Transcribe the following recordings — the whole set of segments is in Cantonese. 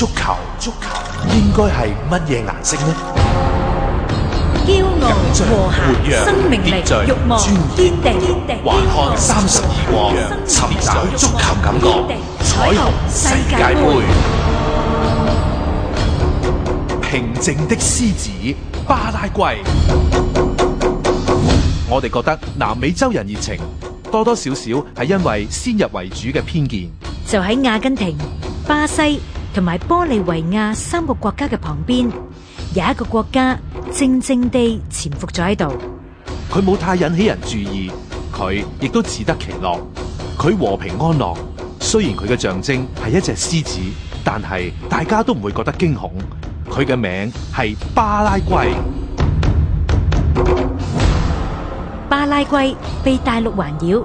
足球，足球應該係乜嘢顏色呢？驕傲、和活躍、生命力、慾望、堅定、還看三十二國，尋找足球感覺，彩虹世界杯。平靜的獅子，巴拉圭。我哋覺得南美洲人熱情，多多少少係因為先入為主嘅偏見。就喺阿根廷、巴西，同埋玻利維亞三個國家嘅旁邊，有一個國家靜靜地潛伏咗喺度。佢冇太引起人注意，佢亦都自得其樂，佢和平安樂。雖然佢嘅象徵係一隻獅子，但係大家都唔會覺得驚恐。佢嘅名係巴拉圭。巴拉圭被大陸環繞。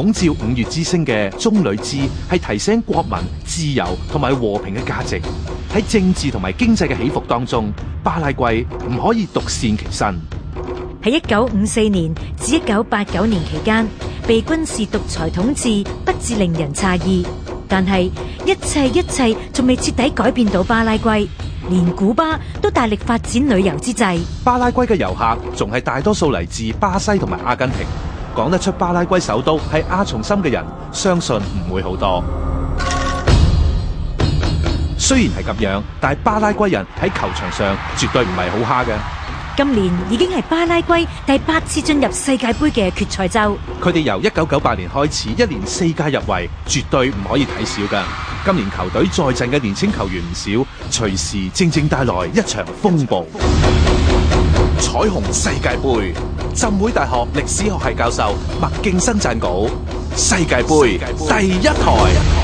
拱照五月之星嘅棕櫚枝係提醒國民自由同埋和平嘅價值。喺政治同埋經濟嘅起伏當中，巴拉圭唔可以獨善其身。喺一九五四年至一九八九年期間，被軍事獨裁統治，不致令人詫異。但係一切一切仲未徹底改變到巴拉圭，連古巴都大力發展旅遊之際。巴拉圭嘅遊客仲係大多數嚟自巴西同埋阿根廷。講得出巴拉圭首都係阿松森嘅人，相信唔會好多。雖然係咁樣，但係巴拉圭人喺球場上絕對唔係好蝦嘅。今年已經係巴拉圭第八次進入世界杯嘅決賽周，佢哋由一九九八年開始，一連四屆入圍，絕對唔可以睇少噶。今年球隊在陣嘅年輕球員唔少，隨時正正帶來一場風暴。彩虹世界杯，浸會大學歷史學系教授麥敬生撰稿。世界杯，世界杯第一台。